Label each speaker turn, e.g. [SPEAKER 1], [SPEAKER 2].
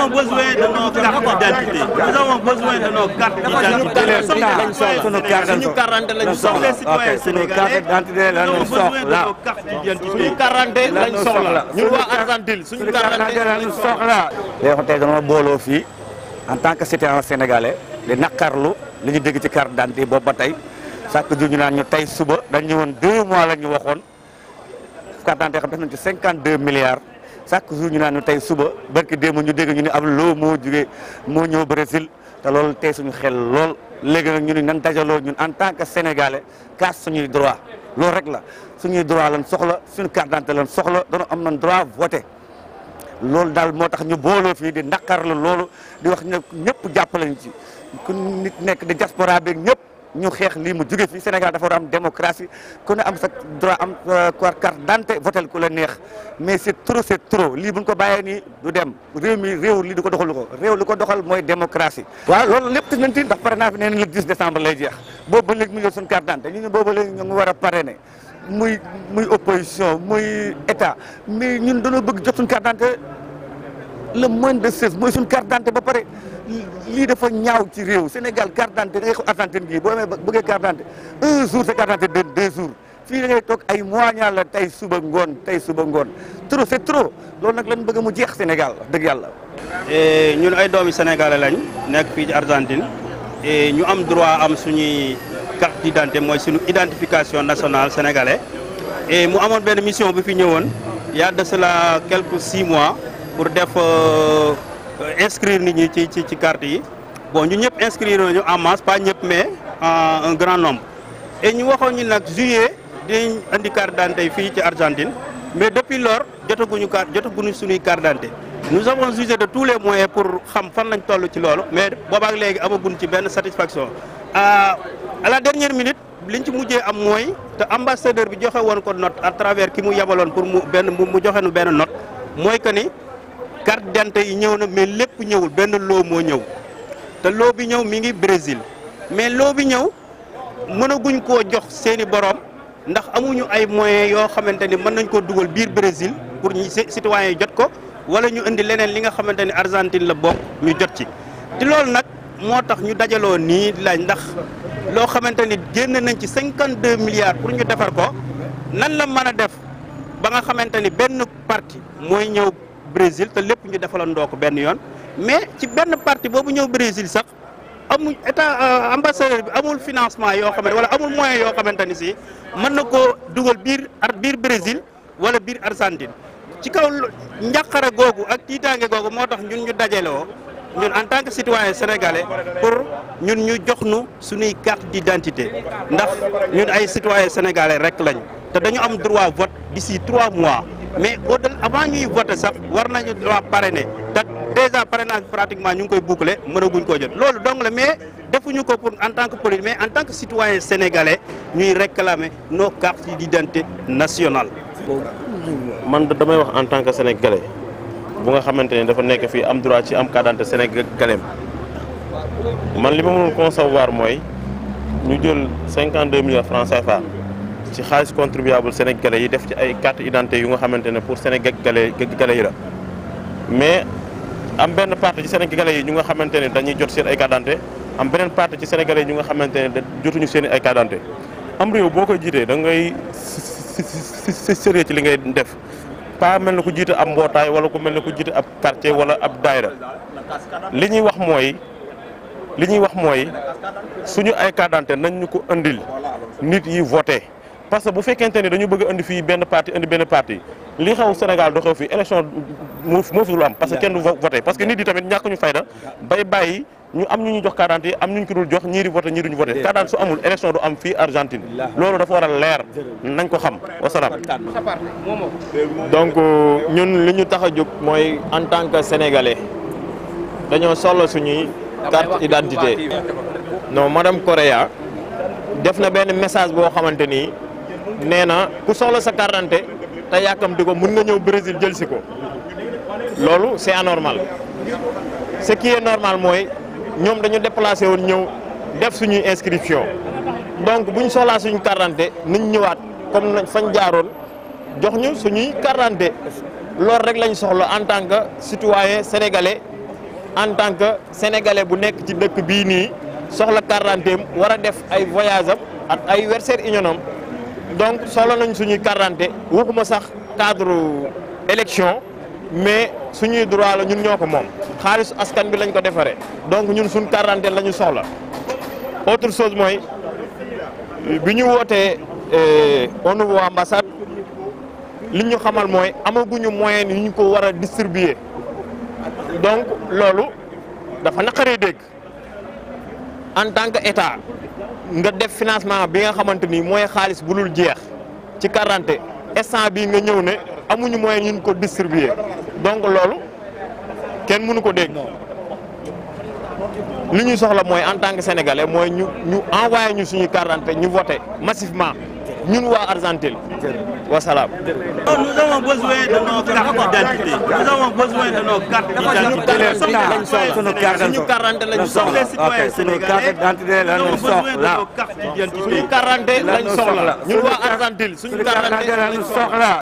[SPEAKER 1] avons besoin de nos cartes d'identité. Nous avons besoin de nos cartes d'identité. Suñu quarante lañu soxla. Suñu carte
[SPEAKER 2] lañu soxla. Suñu quarante lañu soxla. lañu soxla. Léegi booloo fii en tant que citoyen sénégalais di naqarlu ñu dégg ci carte d'identité boobu ba tey chaque jour ñu naan ñu tey suba dañu woon deux mois la ñu waxoon carte xam def ci cinquante deux milliards chaque jour ñu naan ñu tey suba barki démb ñu dégg ñu ne ab loo moo jugee moo ñëw Brésil te lool tey suñu xel lool léegi nag ñu ne nan dajaloo ñun en tant que sénégalais kaas suñuy droit loolu rek la suñuy droit lan soxla suñu carte d'identité lan soxla dana am nañ droit voter loolu daal moo tax ñu booloo fii di naqar la loolu di wax ne ñëpp jàppalañ ci ku nekk di diaspora beeg ñëpp ñu xeex lii mu jóge fi Sénégal dafa war am démocratie ku ne am sa droit am euh, carte d'identité votel ku la neex mais c' est trop c' est trop lii buñ ko bàyyee nii du dem réew mi réew lii du ko doxal lu ko réew lu ko doxal mooy démocratie waaw loolu lépp nañ ci ndax parrainage bi nee na le 10 décembre lay jeex boobu ba mu jël suñu carte d'identité ñu ne boobu léegi ñu ngi war a parrainer muy muy opposition muy état mais ñun dañoo bëgg jot suñu carte d'identité le moins de 16 mooy suñu carte d'identité ba pare lii dafa ñaaw ci réew Sénégal carte d'identité da ngay xool Argentine gii boo amee bëggee carte d'identité un jour sa carte d'identité deux jours fii da toog ay mois ñaar la tey suba ngoon tey suba ngoon trop c'est trop loolu nag lañ bëgg mu jeex Sénégal dëgg yàlla.
[SPEAKER 1] ñun ay doomi sénégalais lañ nekk fii ci Argentine ñu am droit am suñuy carte d'identité mooy suñu identification nationale sénégalais et mu amoon benn mission bu fi ñëwoon y a de cela six mois pour def. Euh, Euh, inscrire ni ñi ci ci ci carte yi bon ñu ñëpp inscrire nañu en masse pas ñëpp mais en grand nombre et ñu waxoon ñu nag juillet dinañ indi carte d'identité fii ci Argentine mais depuis lors jotaguñu carte jotaguñu suñuy carte d'identité nous avons usé de tous les moyens pour xam fan lañ toll ci loolu mais boobaak léegi amaguñ ci benn satisfaction à la dernière minute liñ ci mujjee am mooy te ambassadeur bi joxe woon ko note à travers ki mu yabaloon pour mu benn mu joxe nu benn not mooy que ni carte dante yi ñëw na mais lépp ñëwul benn loo moo ñëw te loo bi ñëw mi ngi Brésil mais loo bi ñëw mënaguñ ko jox seeni borom ndax amuñu ay moyens yoo xamante ni mën nañ koo dugal biir Brésil pour ñu citoyens yi jot ko wala ñu indi leneen li nga xamante ni Argentine la bokk ñu jot ci te loolu nag moo tax ñu dajaloo nii laaj ndax loo xamante ni génn nañ ci cinquante deux milliards pour ñu defar ko nan la mën a def ba nga xamante ni benn parti mooy ñëw Brésil te lépp ñu defalandoo ko benn yoon mais ci benn parti boobu ñëw Brésil sax amul état euh, ambassadeur bi amul financement yoo xamante wala amul moyen yoo xamante ni si mën na koo dugal biir ar biir Brésil wala biir Argentine ci kaw njàqare googu ak tiitaange googu moo tax ñun ñu dajalewoo ñun en tant que citoyen sénégalais pour ñun ñu jox nu suñuy carte d'identité ndax ñun ay citoyen sénégalais rek lañ te dañu am droit vote d'ici trois mois mais au delà avant ñuy voté sax war nañu droit parrainer te déjà parrainage pratiquement ñu ngi koy boucler mënaguñ koo jot loolu donc la mais defuñu ko pour en tant que politique mais en tant que citoyen sénégalais ñuy réclamer nos cartes d'identité nationale. man damay wax en tant que sénégalais bu nga xamante ne dafa nekk fii
[SPEAKER 3] am droit ci am carte d'identité sénégalais man li ma mënoon concevoir mooy ñu jël cinquante deux millions francs CFA. ci xaalis contribuable sénégalais yi def ci ay carte idante yu nga xamante ne pour sénégalais sénégalais yi la mais am benn partie ci sénégalais yi ñu nga xamante ne dañuy jot seen ay carte d'identité am beneen partie ci sénégalais yi ñu nga xamante ne jotuñu seen ay carte am réew boo koy jiitee da ngay sérieux ci li ngay def pas mel na ku jiit ab mbootaay wala ku mel na ku jiit ab quartier wala ab daayra li ñuy wax mooy li ñuy wax mooy suñu ay carte d'identité nañ ñu ko indil nit yi voté parce que bu fekkente ne dañu bëgg a fi fii benn parti indi benn parti li xew Sénégal doxew fii élection moo moo fi lu am parce que kenn du voté parce que nit yi tamit ñàkk ñu fayda bay bàyyi ñu am ñu ñu jox carte d'identité am ñu ñu ko jox ñii di voté ñii duñu voté carte d'identité su amul élection du am fii Argentine loolu dafa war a leer nañ ko xam wasalaam donc ñun li ñu tax a jóg mooy en tant que sénégalais dañoo soxla suñuy carte d'identité non madame Correa def na benn message boo xamante nii nee na ku soxla sa carte d'identité te ko mun nga ñëw Brésil jël si ko loolu c'est anormal ce qui est normal mooy ñoom dañu déplacé woon ñëw def suñuy inscription donc buñ ñu suñu carte d'identité nañ ñëwaat comme nañ fañ jaaroon jox ñu suñuy carte d'identité loolu rek lañu soxla en tant que citoyen sénégalais en tant que sénégalais bu nekk ci dëkk bii nii soxla carte d'identité war a def ay voyage am ak ay verser union am donc solo nañ suñuy karante waxuma sax cadre élection mais suñuy droit la ñun ñoo ko moom xaalis askan bi lañ ko defaree donc ñun suñ karante la ñu soxla autre chose mooy bi ñu wootee euh, au niveau ambassade li ñu xamal mooy amaguñu moyen yu ñu ko war a distribuer donc loolu dafa naqaree dégg en tant que état nga def financement bi nga xamante ni mooy xaalis bu dul jeex ci quarante instant bii nga ñëw ne amuñu mooy ñun ko distribuer donc loolu kenn mënu ko dégg li ñuy soxla mooy en tant que sénégalais mooy ñu ñu envoyé ñu suñu quarante ñu voté massivement ñun waa Argentine wasalaam.
[SPEAKER 1] nous avons besoin de nos cartes d'identité. nous avons besoin de nos
[SPEAKER 2] cartes d'identité. sunu carte d'identité lañ soxla ok sunu carte d'identité lañ
[SPEAKER 1] soxla.
[SPEAKER 2] sunu carte d'identité lañ soxla. ñun waa Argentine sunu carte d'identité lañ soxla.